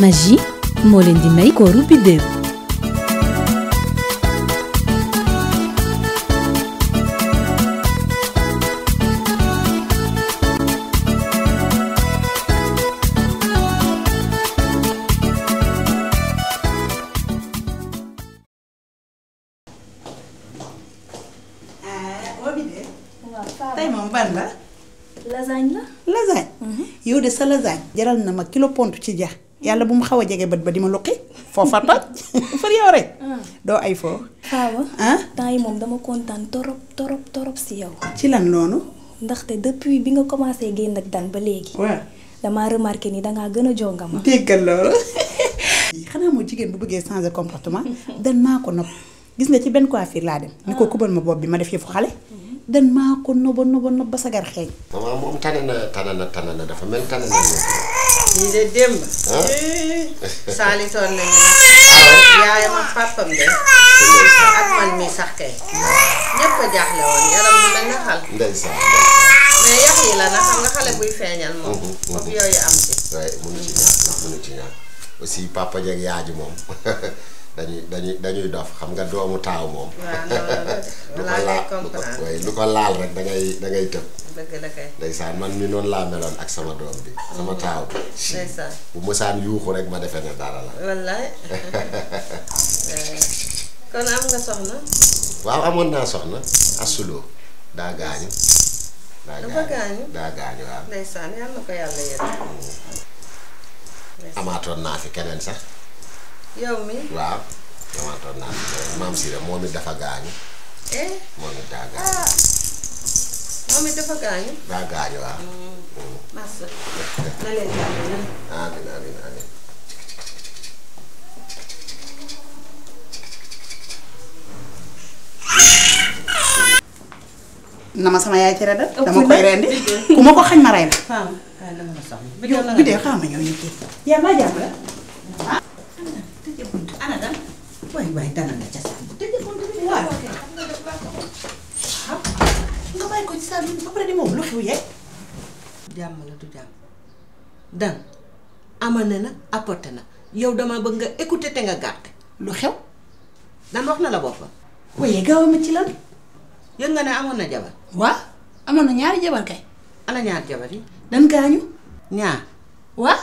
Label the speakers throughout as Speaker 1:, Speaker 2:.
Speaker 1: magie moo leen di may kooru biddew ah, mhm. yow de sa lasagne jaral na ma kilo pont ci ja yàlla bu mu xaw a jege bët ba di ma luqi foofa toj far yow rek ah. doo ay foo waaw ah temps yi moom dama kontaan torop torop torop si yow ci lan noonu ndaxte depuis bi nga commencé génn ak daan ba léegi waaw damaa remarqué ni dangaa gën a jonga ma déggal loolu xanaa moo jigéen bu bëggee changer comportement dan maa ko nopp gis nga ci benn coiffure laa dem ni ko ah. kubal ma bopp bi ma def yëfu xale dan maa ko noba noba nob ba sagar xeeñ maman moom tane na tane na dafa mel tane lii de démb. saalitoon nañu nag. yaayam ak pàppam de. ak man mi sax kay. ñëpp jaaxle woon yaram bi mel na xal. ndeysaan mais yax yi la nag xam nga xale buy feeñal moom. foofu yooyu am ci. waaye ci ñaar mënu ci ñaar aussi papa jeeg yaaji moom. dañuy dañuy dañuy dof xam nga doomu taaw moom. lu ko laal lu rek da ngay da ngay tëb. dëgg la kay man mi noonu laa meloon ak sama doom bi. sama mm. taaw bi. bu mosaan yuuxu rek ma defee ne dara la. wallaay eh, kon am nga soxna. waaw amoon naa soxna. asuloo daa gaañu. daa gaañu daa gaañu waaw. na ko yàlla yéen. amaatoon naa fi keneen sax. yow mi dafa gaañu. Eh? moom it daa gaañu. na ma sama yaay cere da dama koy rendi ku ma ko xañ ma rey la. Ah, bi dee xaaral ma ñëw ñu yaa ma jàmm la. waay waay dana la ca sàmm te defoon tamit waaw. waaw moom lu fi yegg. jàmm la du jàmm dan amane na apporté na yow dama bëgg nga écouter te nga garder lu xew dan wax na la boppam. waaye gaaw ma ci lan. yëg nga ne amoon na jabar. waaw amoon na ñaari jabar kay. ana ñaari jabar yi. dan gaañu. ñaar. waaw.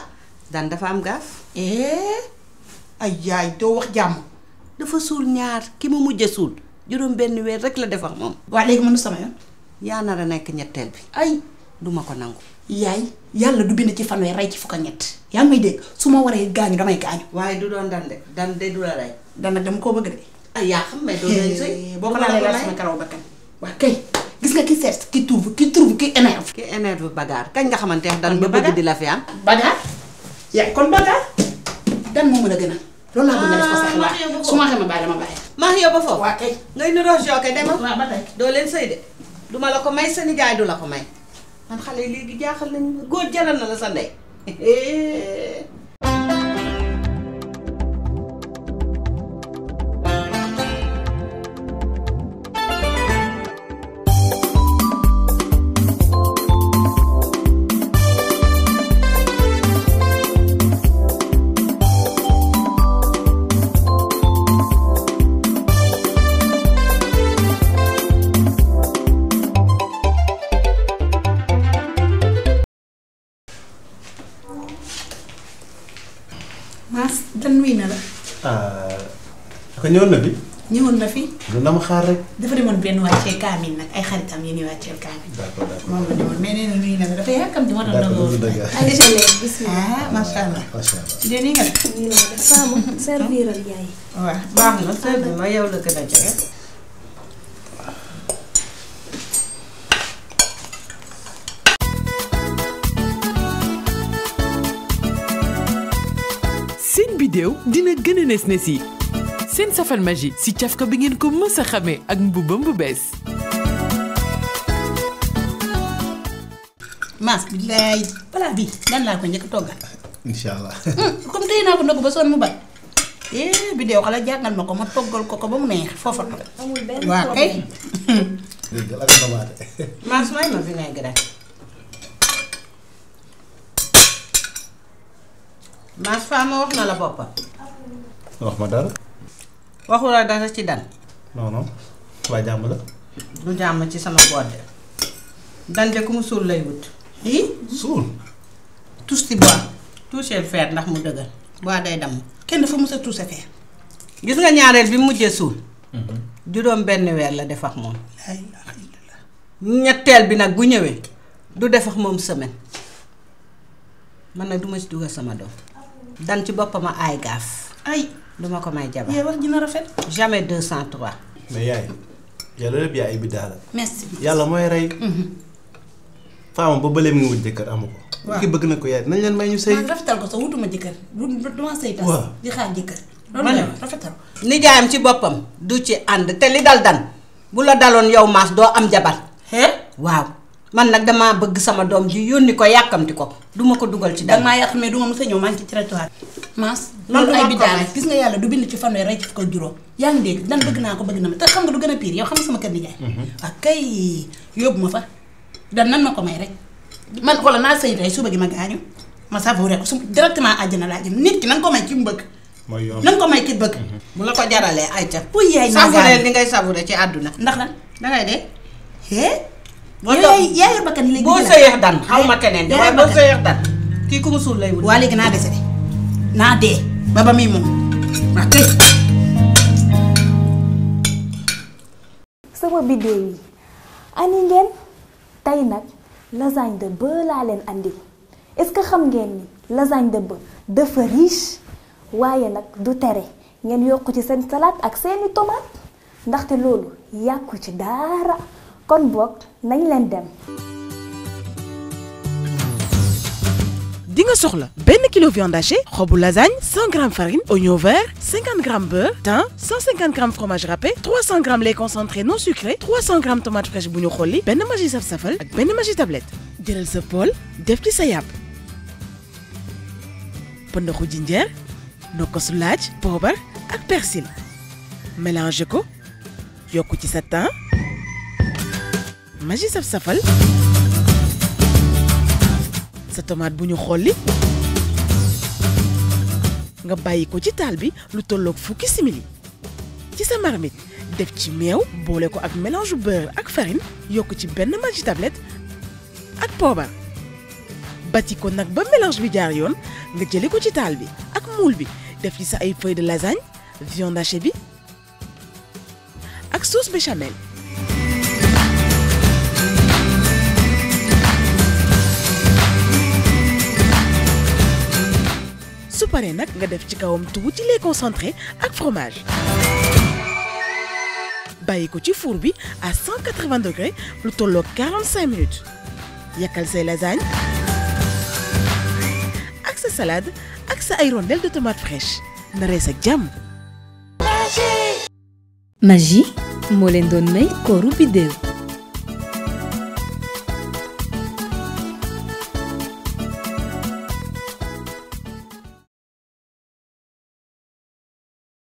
Speaker 1: dan dafa am gaaf. eh ay doo wax jàmm. dafa suul ñaar ki mu mujj a suul juróom benn weer rek la def moom. waaw léegi mënu sama yoon. yaa nar a nekk ñetteel bi. ay du ma ko nangu. yaay yàlla du bind ci fanweer rey ci fukk ak ñett. yaa ngi may dégg su ma waree gaañu damay gaañu. waaye du doon dande dande du la rey. dande dama koo bëgg de. ay yaa xam mais doon nañ sëy. Eh, boo ko laalee laal sama karaw bakkan. waa kay gis nga ki seet ki trouve ki trouve ki énerve. ki énerve bagaar kañ nga xamante dan ba bëgg di la fi am. bagaar yaa kon bagaar dan moo mën a gën loolu laa bëgg nga def ko sax ah, laa su ma xamee bàyyi dama bàyyi. maa ngi yóbbu foofu. waaw kay ngay niroo demal. doo leen sëy de. duma la ko may sa nijaay du la ko may man xale yi léegi jaaxal nañu góor jaral na la sa ndey. maas gan nuy na la.
Speaker 2: ah ñëwoon na fi. ñëwoon na fi. lu na ma xaar rek.
Speaker 1: dafa demoon benn wàccee kaamil nag ay xaritam yi ñuy wàccee kaamil.
Speaker 2: d'accord d'accord moom
Speaker 1: la demoon mais nee na nuy na la dafa yàkkam di ma doon dogoo. ah macha allah. macha allah de nii nga. serviral yaay. waaw baax na la yow la gën a jege.
Speaker 2: vidéo dina gën a nes nes yi seen safal magie si cafka bi ngeen ko mës a ak mbubam bu bees
Speaker 1: maas bi laay balaa bii lan laa ko njëkk toggal incha allah hmm, comme téye naa ko ndogg ba sonn mu bañ eh xale jàngal ma ko ma toggal ko ko ba mu neex foofa amul benn waaw kay maas may ma vinaigre maas faama wax na la boppam. wax ma dara. waxu la dara ci dan.
Speaker 2: non waa jàmm la.
Speaker 1: du jàmm ci sama boode. dan de ku mu suul lay wut. hi suul. tus si tuuseel feer ndax mu dëgër. bois day damm. kenn dafa mës a tuuse feer. gis nga ñaareel bi mujjee suul. Mhm. juróom benn weer la def ak moom. ñetteel bi nag bu ñëwee. du def ak moom semaine. man nag du ma ci dugal sama doom. dan ci boppam a aay gaaf. ay du ma ko may jabar. yow wax dina rafet. jamais deux cent trois.
Speaker 2: mais yaay yàlla lépp yaay biddaa la. merci yàlla mooy rey. Mhm. faama ba bële mi ngi wut jëkkër amu ko. waaw ki bëgg na ko yaay nañ leen may ñu sëy.
Speaker 1: rafetal ko sax wutuma jëkkër du ma sëy tas di xaar jëkkër. loolu la rafetal ko. nijaayam ci boppam du ci ànd te li dal dan bu la daloon yow maas doo am jabar. waaw. man nag damaa bëgg sama doom ji yónni ko yàkkamti ko du ma ko dugal ci dara. danga maa yàq mais du ma mës a ñëw maa ngi ci loolu ay bidaal gis nga yàlla du bind ci fanweer rek ci ko juróom. yaa ngi dégg naa ko bëgg na ma te xam nga du gën a pire yow xam sama kër nijaay. waaw mhm. ah, kay ma fa dan nan ma ko may rek man xoolal naa sëy tey suba gi ma gaañu ma savouré ko su directement na laa jëm nit ki na ko may ci mu bëgg. mooy yoon na ko may ki bëgg. Mhm. bu la ko jaralee ay ca. pour yaay na savouré ngay savouré ci àdduna. ndax lan dangay dee yooyu yaa yor bakkan léegi boo dan xaw ma keneen de waaye boo dan kii ku mu lay wut waa léegi naa dese naa dee ba ba muy moom waa kay sama biddew yi ngeen tey nag lasagne de laa leen andi est-ce que xam ngeen ni lasagne de dafa riche waaye nag du tere ngeen yokk ci seen salade ak seeni tomate ndaxte loolu yàqu ci dara kon boog nañ leen dem.
Speaker 2: di soxla benn kilo viande hachée xobu lasagne 100 grammes farine oignon vert 50 grammes beurre thym 150 grammes fromage râpé 300 grammes lait concentré non sucré 300 grammes tomate fraîche bu ñu xolli benn magi saf-safal ak benn magi tablette jëral sa pool def ci sa yàpp pëndaxu jinjeer nokkosu laaj poobar ak persil mélange ko yokk ci sa temps Maggi saf safal sa tomate bu ñu xolli nga bàyyi ko ci taal bi lu tolloog fukki simili ci sa marmit def ci meew boole ko ak mélange beurre ak farine yokk ci benn Maggi tablette ak poobar bati ko nag ba mélange bi jaar yoon nga jëli ko ci taal bi ak moule bi def ci sa ay feuilles de lasagne viande hachée bi ak sauce béchamel pare nag nga def ci kawam tuuti lait concentré ak fromage. bàyyi ko ci fuur bi à 180 degrés lu tolloog 45 minutes yàkkal say lasagne ak sa salade ak sa ay rondelle de tomate fraîche na rees ak jàmm. Maggi moo leen doon may kooru biddéew